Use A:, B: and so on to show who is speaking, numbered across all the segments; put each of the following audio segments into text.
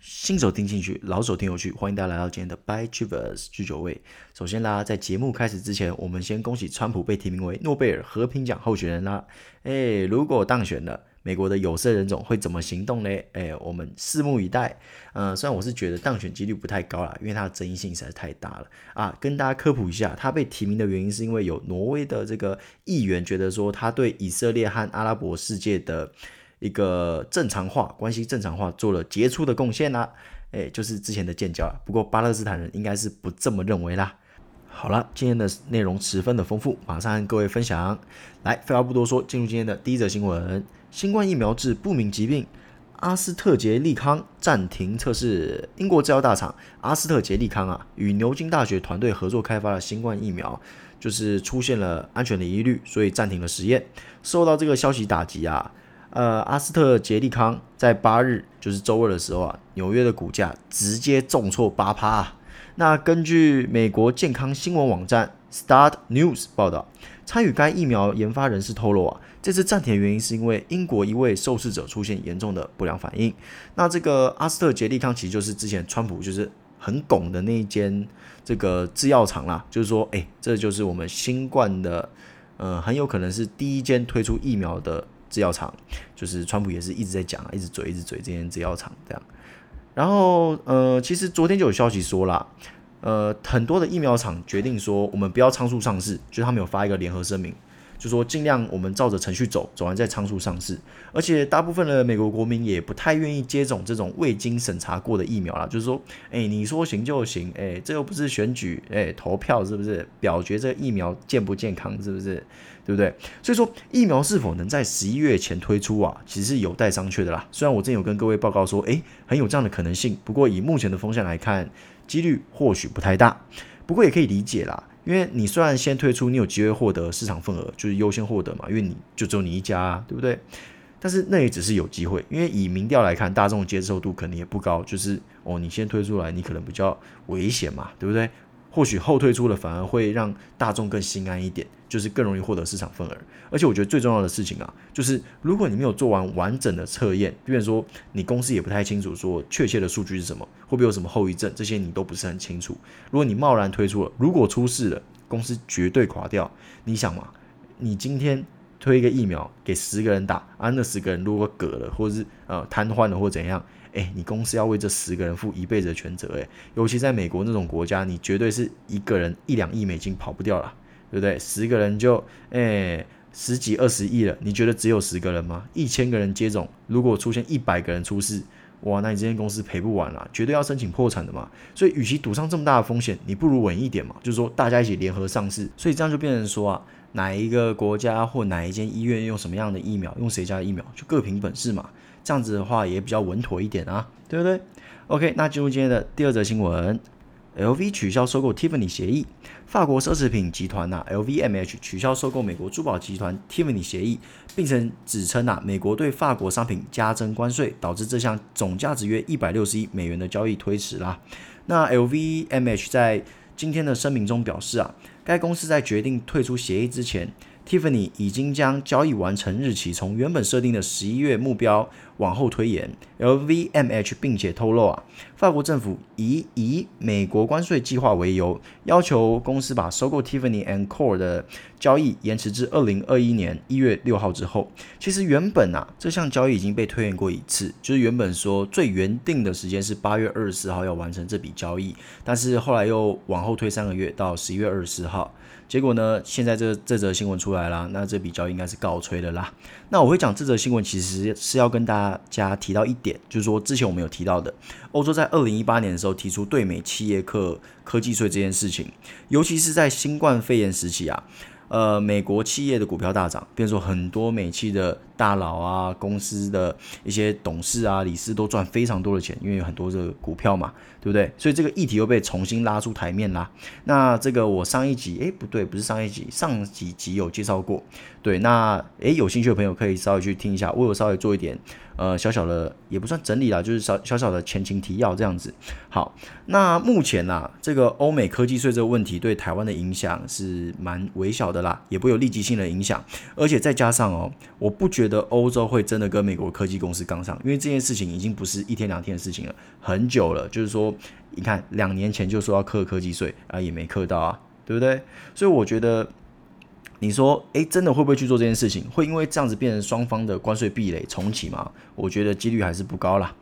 A: 新手聽進去，老手聽有趣。歡迎大家來到今天的 By Travers 聚酒會。首先啦，在節目開始之前，我們先恭喜川普被提名為諾貝爾和平獎候選人啦。哎，如果當選了，美國的有色人種會怎麼行動呢？哎，我們拭目以待。嗯、呃，雖然我是覺得當選幾率不太高啦，因為他的爭議性實在是太大了啊。跟大家科普一下，他被提名的原因是因為有挪威的這個議員覺得說他對以色列和阿拉伯世界的。一個正常化關係正常化做了傑出的貢獻吶、啊，哎，就是之前的建交啊。不過巴勒斯坦人應該是不這麼認為啦。好了，今天的內容十分的豐富，馬上和各位分享。來，廢話不多說，進入今天的第一則新聞：新冠疫苗致不明疾病，阿斯特捷利康暫停測試。英國製藥大廠阿斯特捷利康啊，與牛津大學團隊合作開發的新冠疫苗，就是出現了安全的疑慮，所以暫停了實驗。受到這個消息打擊啊。呃，阿斯特捷利康在八日，就是週二的時候啊，紐約的股價直接重挫八趴啊。那根據美國健康新聞網站 Start News 報道，參與該疫苗研發人士透露啊，這次暫停的原因是因為英國一位受試者出現嚴重的不良反應。那這個阿斯特捷利康其實就是之前川普就是很拱的那一間這個製藥廠啦，就是說，哎，這就是我們新冠的，呃，很有可能是第一間推出疫苗的。製藥廠就是，川普也是一直在講啊，一直嘴一直嘴這間製藥廠這樣。然後，呃，其實昨天就有消息說啦，呃，很多的疫苗廠決定說，我們不要倉促上市，就是他們有發一個聯合聲明。就說盡量我們照着程序走，走完再倉促上市。而且大部分的美國國民也不太願意接種這種未經審查過的疫苗啦。就是說，誒你說行就行，誒這又不是選舉，誒投票是不是表決這個疫苗健不健康？是不是，對不對？所以說疫苗是否能在十一月前推出啊，其實是有待商榷的啦。雖然我之前有跟各位報告說，誒很有這樣的可能性。不過以目前的風向來看，幾率或許不太大。不過也可以理解啦。因為你雖然先推出，你有機會獲得市場份額，就是優先獲得嘛，因為你就只有你一家啊，對不對？但是那也只是有機會，因為以民調來看，大眾接受度肯定也不高，就是哦，你先推出來，你可能比較危險嘛，對不對？或許後推出了反而會讓大眾更心安一點。就是更容易獲得市場份額，而且我覺得最重要的事情啊，就是如果你沒有做完完整的測驗，比如說你公司也不太清楚說確切的數據是什麼，會不會有什麼後遺症，這些你都不是很清楚。如果你貿然推出了，如果出事了，公司絕對垮掉。你想嘛，你今天推一個疫苗給十個人打啊，那十個人如果嗝了，或者是呃癱瘓了或怎樣，誒、欸，你公司要為這十個人負一輩子的全責、欸，誒，尤其在美國那種國家，你絕對是一個人一兩億美金跑不掉了。對不對？十個人就哎、欸、十幾二十億了，你覺得只有十個人嗎？一千個人接種，如果出現一百個人出事，哇，那你這間公司賠不完了，絕對要申請破產的嘛。所以，與其賭上這麼大的風險，你不如穩一點嘛。就是說，大家一起聯合上市，所以這樣就變成說啊，哪一個國家或哪一間醫院用什麼樣的疫苗，用誰家的疫苗，就各憑本事嘛。這樣子的話也比較穩妥一點啊，對不對？OK，那進入今天的第二則新聞。LV 取消收購 Tiffany 協議，法國奢侈品集團吶、啊，LVMH 取消收購美國珠寶集團 Tiffany 協議，並曾指稱吶、啊，美國對法國商品加徵關稅，導致這項總價值約一百六十億美元的交易推遲啦。那 LVMH 在今天的聲明中表示啊，該公司在決定退出協議之前。Tiffany 已經將交易完成日期從原本設定的十一月目標往後推延。LVMH 並且透露啊，法國政府以以美國關稅計劃為由，要求公司把收購 Tiffany and Co 的交易延遲至二零二一年一月六號之後。其實原本啊，這項交易已經被推延過一次，就是原本說最原定的時間是八月二十四號要完成這筆交易，但是後來又往後推三個月到十一月二十四號。結果呢，現在這這則新聞出來啦，那這筆交易應該是告吹的啦。那我會講這則新聞，其實是要跟大家提到一點，就是說之前我們有提到的，歐洲在二零一八年的時候提出對美企業課科技稅這件事情，尤其是在新冠肺炎時期啊。呃，美國企業的股票大漲，比如說很多美企的大佬啊、公司的一些董事啊、理事都賺非常多的錢，因為有很多的股票嘛，對不對？所以這個議題又被重新拉出檯面啦。那這個我上一集，誒、欸、不對，不是上一集，上幾集，集有介紹過。對，那誒、欸、有興趣的朋友可以稍微去聽一下，我有稍微做一點。呃，小小的也不算整理啦，就是小小小的前情提要這樣子。好，那目前啊，這個歐美科技稅這個問題對台灣的影響是蠻微小的啦，也不有立即性的影響。而且再加上哦，我不覺得歐洲會真的跟美國科技公司槓上，因為這件事情已經不是一天兩天的事情了，很久了。就是說，你看兩年前就說要課科技稅啊，也沒課到啊，對不對？所以我覺得。你說，誒，真的會不會去做這件事情？會因為這樣子變成雙方的關稅壁壘重啟嗎？我覺得幾率還是不高啦。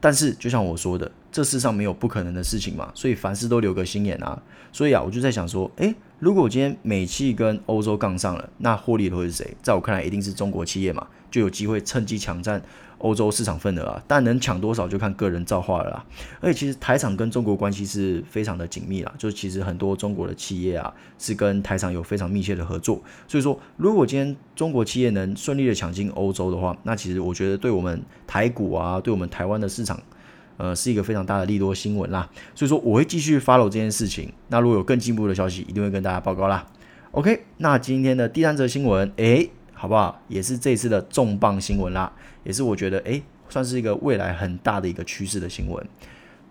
A: 但是就像我說的，這世上沒有不可能的事情嘛，所以凡事都留個心眼啊。所以啊，我就在想說，誒，如果我今天美企跟歐洲槓上了，那獲利的會是誰？在我看來，一定是中國企業嘛，就有機會趁機搶佔。歐洲市場份額啊，但能搶多少就看個人造化了啦。而且其實台廠跟中國關係是非常的緊密啦，就其實很多中國的企業啊，是跟台廠有非常密切的合作。所以說，如果今天中國企業能順利的搶進歐洲的話，那其實我覺得對我們台股啊，對我們台灣的市場，呃，是一個非常大的利多新聞啦。所以說，我會繼續 follow 這件事情。那如果有更進步的消息，一定會跟大家報告啦。OK，那今天的第三則新聞，哎。好不好？也是這次的重磅新聞啦，也是我覺得哎、欸，算是一個未來很大的一個趨勢的新聞。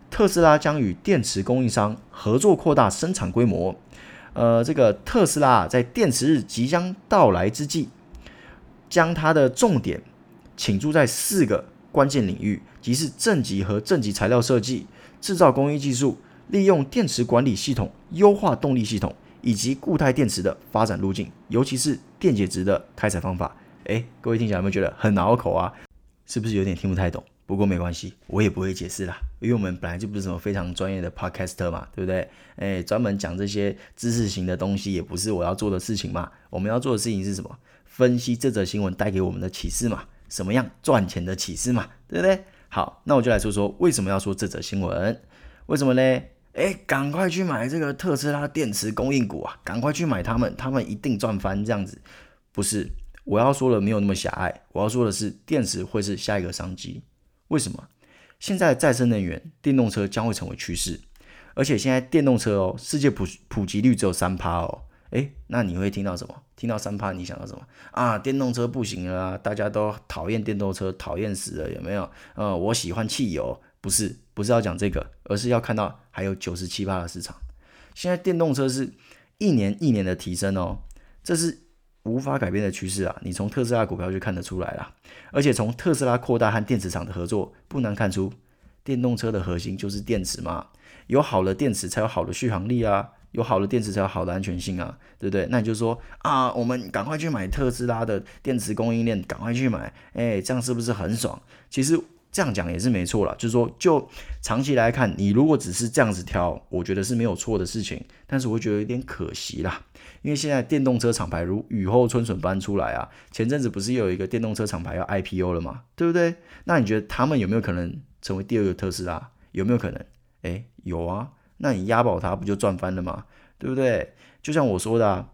A: 特斯拉將與電池供應商合作擴大生產規模。呃，這個特斯拉啊在電池日即將到來之際，將它的重點傾注在四個關鍵領域，即是正極和正極材料設計、製造工藝技術、利用電池管理系統，優化動力系統。以及固態電池的發展路徑，尤其是電解質的開採方法。哎，各位聽起來有沒有覺得很拗口啊？是不是有點聽不太懂？不過沒關係，我也不會解釋啦，因為我們本來就不是什麼非常專業的 podcaster 嘛，對不對？哎，專門講這些知識型的東西也不是我要做的事情嘛。我們要做的事情是什麼？分析這則新聞帶給我們的啟示嘛？什麼樣賺錢的啟示嘛？對不對？好，那我就來說說為什麼要說這則新聞？為什麼咧？哎，趕快去買這個特斯拉的電池供應股啊！趕快去買他們，他們一定賺翻。這樣子，不是我要說的，沒有那麼狹隘。我要說的是，電池會是下一個商機。為什麼？現在再生能源、電動車將會成為趨勢，而且現在電動車哦，世界普普及率只有三趴哦。哎，那你會聽到什麼？聽到三趴，你想到什麼？啊，電動車不行了啊，大家都討厭電動車，討厭死了，有沒有？呃，我喜歡汽油。不是，不是要講這個，而是要看到還有九十七%的市場。現在電動車是一年一年的提升哦，這是無法改變的趨勢啊。你從特斯拉股票就看得出來了，而且從特斯拉擴大和電池廠的合作，不難看出，電動車的核心就是電池嘛。有好的電池才有好的續航力啊，有好的電池才有好的安全性啊，對不對？那你就說啊，我們趕快去買特斯拉的電池供應鏈，趕快去買，哎，這樣是不是很爽？其實。這樣講也是沒錯了，就是說，就長期來看，你如果只是這樣子挑，我覺得是沒有錯的事情。但是我覺得有點可惜啦，因為現在電動車廠牌如雨後春筍般出來啊，前陣子不是又有一個電動車廠牌要 IPO 了嘛，對不對？那你覺得他們有沒有可能成為第二個特斯拉？有沒有可能？誒，有啊，那你押寶它不就賺翻了嘛，對不對？就像我說的啊，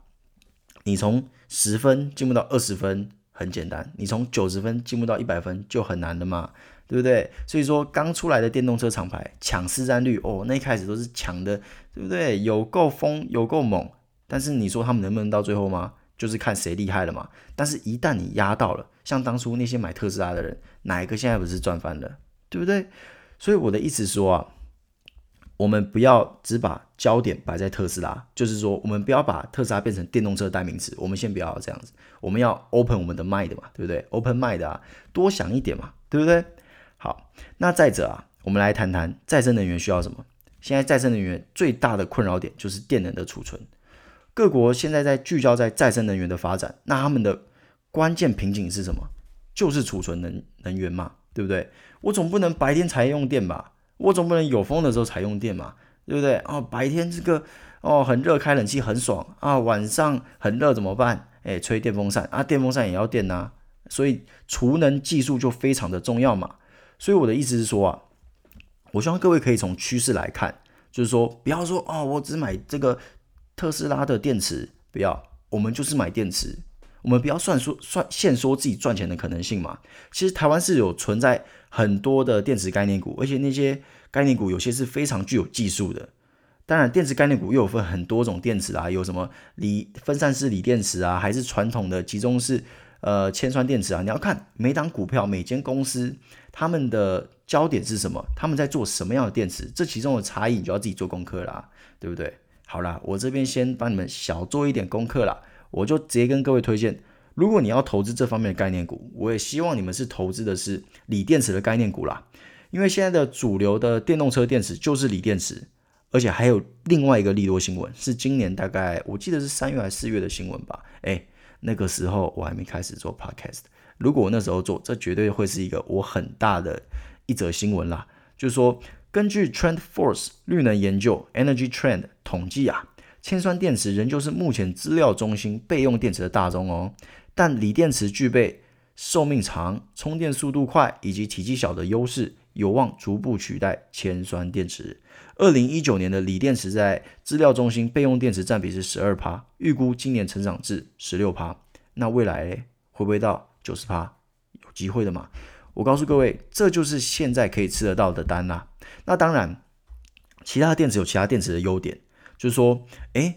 A: 你從十分進步到二十分很簡單，你從九十分進步到一百分就很難的嘛。對不對？所以說剛出來的電動車廠牌搶市占率哦，那一開始都是搶的，對不對？有夠瘋，有夠猛。但是你說他們能不能到最後嗎？就是看誰厲害了嘛。但是，一旦你壓到了，像當初那些買特斯拉的人，哪一個現在不是賺翻了？對不對？所以我的意思說啊，我們不要只把焦點擺在特斯拉，就是說我們不要把特斯拉變成電動車代名詞。我們先不要這樣子，我們要 open 我們的 mind 嘛，對不對？open mind 啊，多想一點嘛，對不對？好，那再者啊，我們來談談再生能源需要什麼？現在再生能源最大的困擾點就是電能的儲存。各國現在在聚焦在再生能源的發展，那他們的關鍵瓶頸是什麼？就是儲存能能源嘛，對不對？我總不能白天才用電吧？我總不能有風的時候才用電嘛，對不對？啊、哦，白天這個哦很熱，開冷氣很爽啊、哦，晚上很熱怎麼辦？哎，吹電風扇啊，電風扇也要電吶、啊，所以儲能技術就非常的重要嘛。所以我的意思是說啊，我希望各位可以從趨勢來看，就是說不要說哦，我只買這個特斯拉的電池，不要，我們就是買電池，我們不要算說算現說自己賺錢的可能性嘛。其實台灣是有存在很多的電池概念股，而且那些概念股有些是非常具有技術的。當然，電池概念股又有分很多種電池啊，有什麼鋰分散式鋰電池啊，還是傳統的集中式呃鉛酸電池啊，你要看每檔股票每間公司。他們的焦點是什麼？他們在做什麼樣的電池？這其中的差異，你就要自己做功課啦啊，對不對？好啦，我這邊先幫你們小做一點功課啦，我就直接跟各位推薦，如果你要投資這方面的概念股，我也希望你們是投資的是鋰電池的概念股啦，因為現在的主流的電動車電池就是鋰電池，而且還有另外一個利多新聞，是今年大概我記得是三月還是四月的新聞吧？誒，那個時候我還沒開始做 podcast。如果我那時候做，這絕對會是一個我很大的一則新聞啦。就是說，根據 TrendForce 綠能研究 Energy Trend 統計啊，鉛酸電池仍舊是目前資料中心備用電池的大宗哦。但鋰電池具備壽命長、充電速度快以及體積小的優勢，有望逐步取代鉛酸電池。二零一九年的鋰電池在資料中心備用電池佔比是十二趴，預估今年成長至十六趴。那未來呢，會不會到？九十趴有機會的嘛？我告訴各位，這就是現在可以吃得到的單啦、啊。那當然，其他的電池有其他電池的優點，就是說，誒，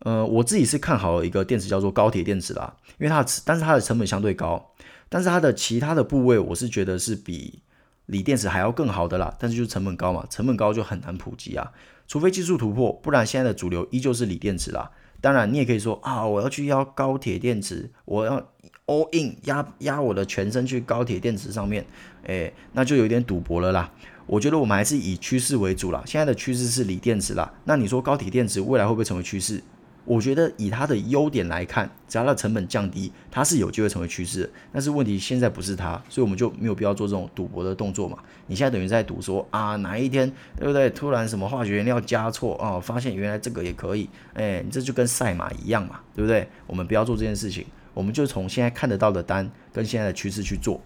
A: 呃，我自己是看好了一個電池叫做高鐵電池啦，因為它的，但是它的成本相對高，但是它的其他的部位我是覺得是比鋰電池還要更好的啦。但是就是成本高嘛，成本高就很難普及啊，除非技術突破，不然現在的主流依舊是鋰電池啦。當然你也可以說啊，我要去要高鐵電池，我要。all in 壓壓我的全身去高鐵電池上面，哎、欸，那就有點賭博了啦。我覺得我們還是以趨勢為主啦。現在的趨勢是鋰電池啦，那你說高鐵電池未來會不會成為趨勢？我覺得以它的優點來看，只要它的成本降低，它是有機會成為趨勢的。但是問題現在不是它，所以我們就沒有必要做這種賭博的動作嘛。你現在等於在賭說啊，哪一天對不對？突然什麼化學原料加錯啊，發現原來這個也可以，哎、欸，這就跟賽馬一樣嘛，對不對？我們不要做這件事情。我們就從現在看得到的單跟現在的趨勢去做。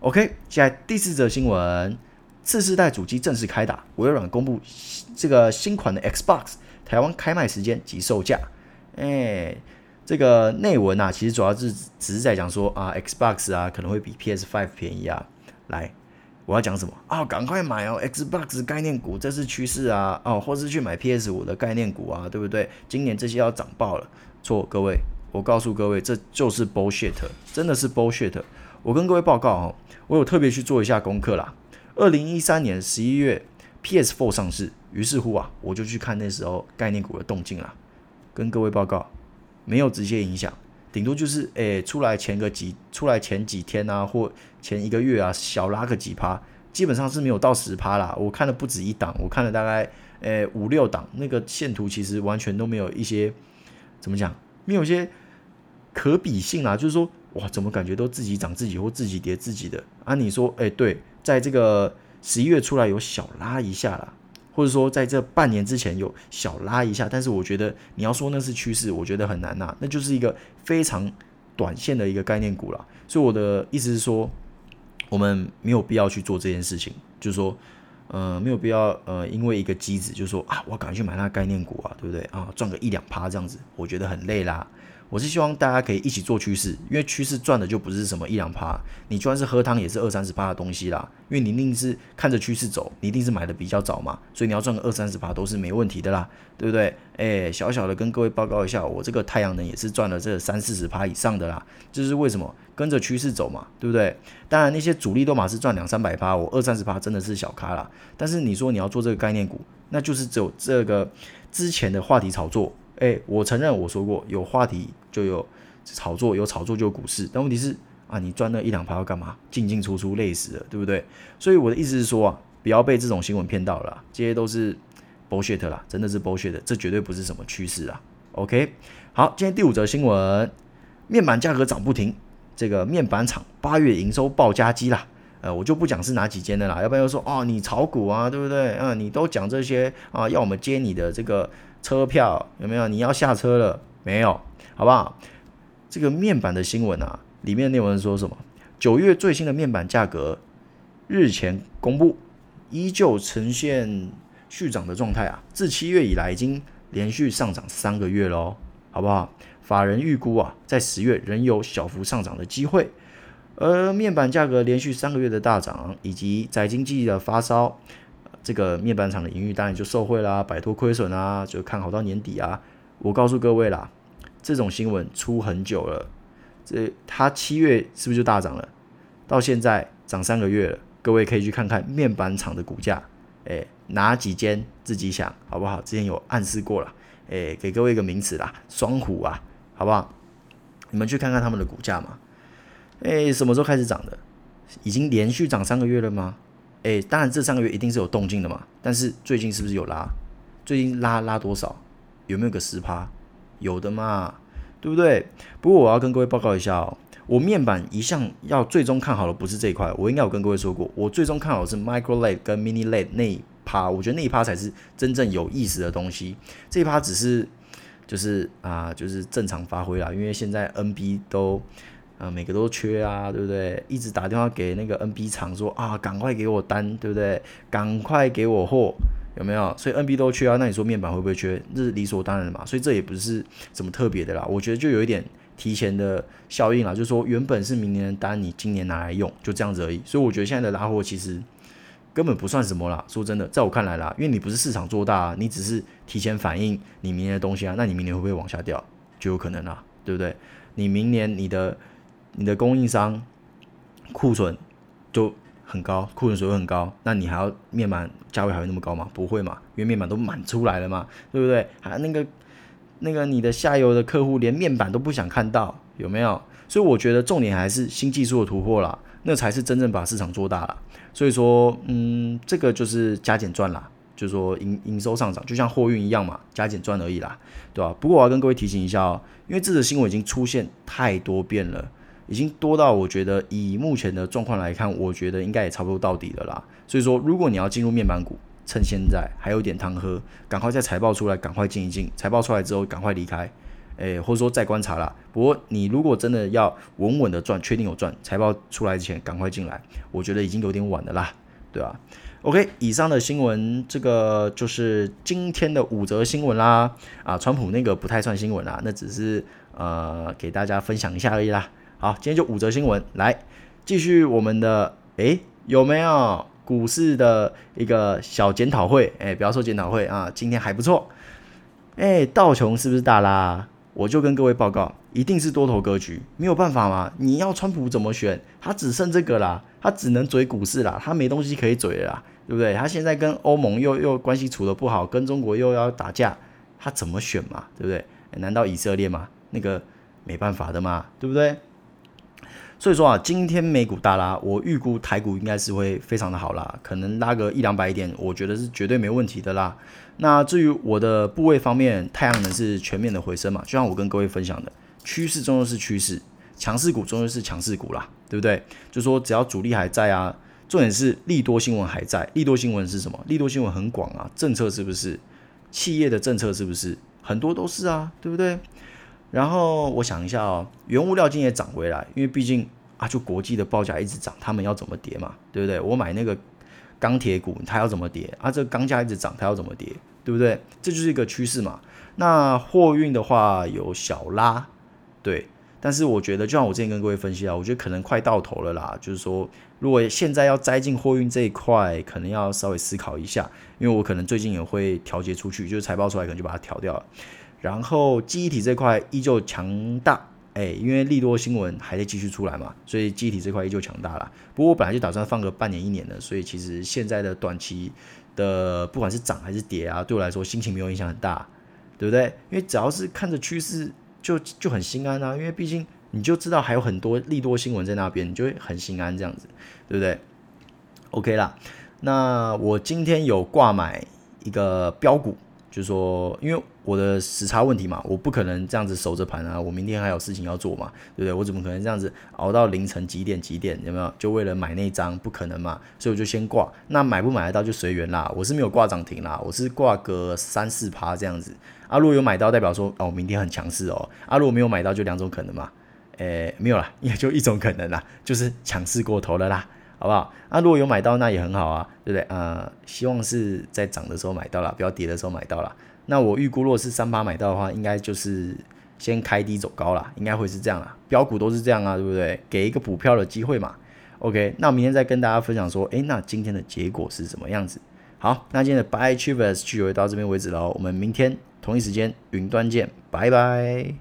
A: OK，現在第四則新聞，次世代主機正式開打，微軟公布這個新款的 Xbox，台灣開賣時間及售價。哎，這個內文吶、啊，其實主要是只是在講說啊，Xbox 啊可能會比 PS5 便宜啊。來，我要講什麼啊、哦？趕快買哦，Xbox 概念股，這是趨勢啊，哦，或是去買 PS5 的概念股啊，對不對？今年這些要漲爆了。錯，各位。我告訴各位，這就是 bullshit，真的是 bullshit。我跟各位報告哦，我有特別去做一下功課啦。二零一三年十一月，PS Four 上市，於是乎啊，我就去看那時候概念股的動靜啦。跟各位報告，沒有直接影響，頂多就是誒、欸，出來前個幾，出來前幾天啊，或前一個月啊，小拉個幾趴，基本上是沒有到十趴啦。我看了不止一檔，我看了大概誒五六檔，那個線圖其實完全都沒有一些，怎麼講，沒有一些。可比性啊，就是說哇，怎麼感覺都自己漲自己或自己跌自己的啊？你說，哎、欸，對，在這個十一月出來有小拉一下啦，或者說在這半年之前有小拉一下，但是我覺得你要說那是趨勢，我覺得很難吶、啊，那就是一個非常短線的一個概念股啦。所以我的意思是說，我們沒有必要去做這件事情，就是說，呃，沒有必要呃，因為一個機子就是、說啊，我趕快去買那個概念股啊，對不對啊？賺個一兩趴這樣子，我覺得很累啦。我是希望大家可以一起做趨勢，因為趨勢賺的就不是什麼一兩趴，你就算是喝湯也是二三十趴的東西啦。因為你一定是看着趨勢走，你一定是買的比較早嘛，所以你要賺個二三十趴都是沒問題的啦，對不對？誒、欸，小小的跟各位報告一下，我這個太陽能也是賺了這三四十趴以上的啦，這、就是為什麼？跟着趨勢走嘛，對不對？當然那些主力都嘛是賺兩三百趴，我二三十趴真的是小咖啦。但是你說你要做這個概念股，那就是走這個之前的話題炒作。哎、欸，我承認我說過，有話題就有炒作，有炒作就有股市。但問題是啊，你賺了一兩盤要幹嘛？進進出出累死了，對不對？所以我的意思是說啊，不要被這種新聞騙到了，這些都是 bullshit 啦，真的是 bullshit，這絕對不是什麼趨勢啊。OK，好，今天第五則新聞，面板價格漲不停，這個面板廠八月營收爆佳績啦。呃，我就不講是哪幾間的啦，要不然又說哦，你炒股啊，對不對？啊、嗯，你都講這些啊，要我們接你的這個。車票有沒有？你要下車了沒有？好不好？這個面板的新聞啊，裡面的內容是說什麼？九月最新的面板價格日前公布，依舊呈現續漲的狀態啊。自七月以來，已經連續上漲三個月嘍、哦，好不好？法人預估啊，在十月仍有小幅上漲的機會。而面板價格連續三個月的大漲，以及宅經濟的發燒。這個面板廠的盈餘當然就受惠啦、啊，擺脫虧損啊，就看好到年底啊。我告訴各位啦，這種新聞出很久了。這它七月是不是就大漲了？到現在漲三個月了，各位可以去看看面板廠的股價，誒，哪幾間自己想，好不好？之前有暗示過了，誒，給各位一個名詞啦，雙虎啊，好不好？你們去看看他們的股價嘛。誒，什麼時候開始漲的？已經連續漲三個月了嗎？哎，當然這三個月一定是有動靜的嘛，但是最近是不是有拉？最近拉拉多少？有沒有個十趴？有的嘛，對不對？不過我要跟各位報告一下哦，我面板一向要最終看好的不是這一塊，我應該有跟各位說過，我最終看好的是 Micro LED 跟 Mini LED 那一趴，我覺得那一趴才是真正有意思的東西，這一趴只是就是啊、呃、就是正常發揮啦，因為現在 NB 都。啊，每個都缺啊，對不對？一直打電話給那個 NB 廠說啊，趕快給我單，對不對？趕快給我貨，有沒有？所以 NB 都缺啊，那你說面板會不會缺？這是理所當然的嘛。所以這也不是什麼特別的啦。我覺得就有一點提前的效應啦，就是說原本是明年的單，你今年拿來用，就這樣子而已。所以我覺得現在的拉貨其實根本不算什麼啦。說真的，在我看來啦，因為你不是市場做大啊，你只是提前反映你明年的東西啊，那你明年會不會往下掉？就有可能啦，對不對？你明年你的。你的供應商庫存就很高，庫存水位很高，那你還要面板價位還會那麼高嗎？不會嘛，因為面板都滿出來了嘛，對不對？還、啊、那個那個你的下游的客戶連面板都不想看到，有沒有？所以我覺得重點還是新技術的突破啦，那才是真正把市場做大了。所以說，嗯，這個就是加減賺啦，就是說營營收上漲，就像貨運一樣嘛，加減賺而已啦，對吧？不過我要跟各位提醒一下哦，因為這個新聞已經出現太多遍了。已經多到我覺得以目前的狀況來看，我覺得應該也差不多到底了啦。所以說，如果你要進入面板股，趁現在還有點湯喝，趕快在財報出來趕快進一進，財報出來之後趕快離開，誒或者說再觀察啦。不過你如果真的要穩穩的賺，確定有賺，財報出來之前趕快進來，我覺得已經有點晚了啦，對吧？OK，以上的新聞，這個就是今天的五則新聞啦。啊，川普那個不太算新聞啦，那只是呃給大家分享一下而已啦。好，今天就五則新聞來繼續我們的，哎，有沒有股市的一個小檢討會哎，不要說檢討會啊，今天還不錯哎，道瓊是不是大啦？我就跟各位報告，一定是多頭格局，沒有辦法嘛。你要川普怎麼選？他只剩這個啦，他只能嘴股市啦，他沒東西可以嘴了啦，對不對？他現在跟歐盟又又關係處的不好，跟中國又要打架，他怎麼選嘛？對不對？難道以色列嗎？那個沒辦法的嘛，對不對？所以說啊，今天美股大拉啊，我預估台股應該是會非常的好啦，可能拉個一兩百點，我覺得是絕對沒問題的啦。那至於我的部位方面，太陽能是全面的回升嘛，就像我跟各位分享的，趨勢終究是趨勢，強勢股終究是強勢股啦，對不對？就說只要主力還在啊，重點是利多新聞還在。利多新聞是什麼？利多新聞很廣啊，政策是不是？企業的政策是不是很多都是啊，對不對？然後我想一下哦，原物料今天也漲回來，因為畢竟啊，就國際的報價一直漲，他們要怎麼跌嘛，對不對？我買那個鋼鐵股，它要怎麼跌？啊，這個鋼價一直漲，它要怎麼跌？對不對？這就是一個趨勢嘛。那貨運的話有小拉，對，但是我覺得就像我之前跟各位分析啊，我覺得可能快到頭了啦。就是說，如果現在要栽進貨運這一塊，可能要稍微思考一下，因為我可能最近也會調節出去，就是財報出來可能就把它調掉了。然後記憶體這塊依舊強大，哎、欸，因為利多新聞還在繼續出來嘛，所以記憶體這塊依舊強大啦。不過我本來就打算放個半年一年的，所以其實現在的短期的不管是漲還是跌啊，對我來說心情沒有影響很大，對不對？因為只要是看着趨勢就就很心安啊，因為畢竟你就知道還有很多利多新聞在那邊，你就會很心安這樣子，對不對？OK 啦，那我今天有掛買一個標股，就是說，因為。我的時差問題嘛，我不可能這樣子守着盤啊！我明天還有事情要做嘛，對不對？我怎麼可能這樣子熬到凌晨幾點幾點？幾點有沒有？就為了買那一張，不可能嘛！所以我就先掛。那買不買得到就隨緣啦。我是沒有掛漲停啦，我是掛個三四趴這樣子啊。如果有買到，代表說啊，我、哦、明天很強勢哦啊。如果沒有買到，就兩種可能嘛。誒，沒有啦，也就一種可能啦，就是強勢過頭了啦，好不好？啊，如果有買到，那也很好啊，對不對？啊、嗯，希望是在漲的時候買到啦，不要跌的時候買到啦。那我預估，如果是三八買到的話，應該就是先開低走高啦，應該會是這樣啦，標股都是這樣啊，對不對？給一個補票的機會嘛。OK，那我明天再跟大家分享說，哎、欸，那今天的結果是什麼樣子？好，那今天的 Buy Achievers 節目就到這邊為止了。我們明天同一時間雲端見，拜拜。